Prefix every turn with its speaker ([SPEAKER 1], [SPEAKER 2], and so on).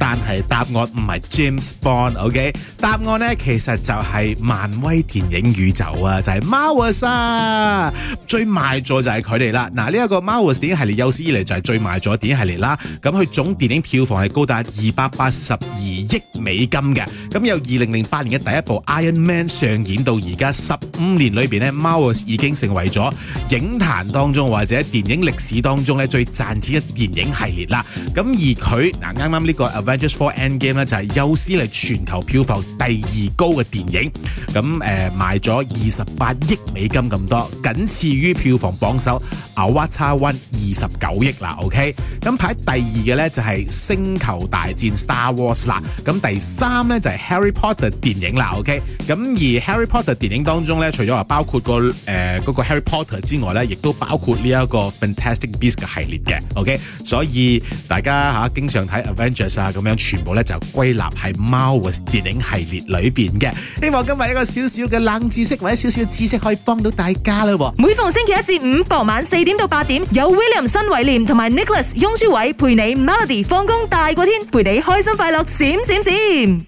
[SPEAKER 1] 但係答案唔係 James Bond，OK？答案咧其實就係漫威電影宇宙啊，就係 Marvel 啊！最賣座就係佢哋啦。嗱，呢一個 Marvel 電影系列有史以嚟就係最賣座嘅電影系列啦。咁佢總電影票房係高達二百八十二億美金嘅。咁由二零零八年嘅第一部 Iron Man 上演到而家十五年裏邊咧，Marvel 已經成為咗影壇當中或者電影歷史當中咧最賺錢嘅電影系列啦。咁而佢嗱啱啱呢個。《Just for Endgame》咧就係有史以嚟全球票房第二高嘅電影，咁誒、呃、賣咗二十八億美金咁多，僅次於票房榜首。Avatar One》二十九億啦，OK，咁排第二嘅呢就係《星球大戰》Star Wars 啦，咁第三呢就係《Harry Potter》電影啦，OK，咁而《Harry Potter》電影當中呢，除咗話包括個誒、呃那個《Harry Potter》之外呢，亦都包括呢一個《Fantastic Beast》嘅系列嘅，OK，所以大家吓經常睇《Avengers》啊，咁、啊、樣全部呢就歸納喺 Marvel 嘅電影系列裏邊嘅，希望今日一個少少嘅冷知識或者少少嘅知識可以幫到大家啦。每逢星期一至五傍晚四點，五點到八點有 William 新偉廉同埋 Nicholas 雍舒偉陪你 Melody 放工大過天，陪你開心快樂閃閃閃。閃閃閃。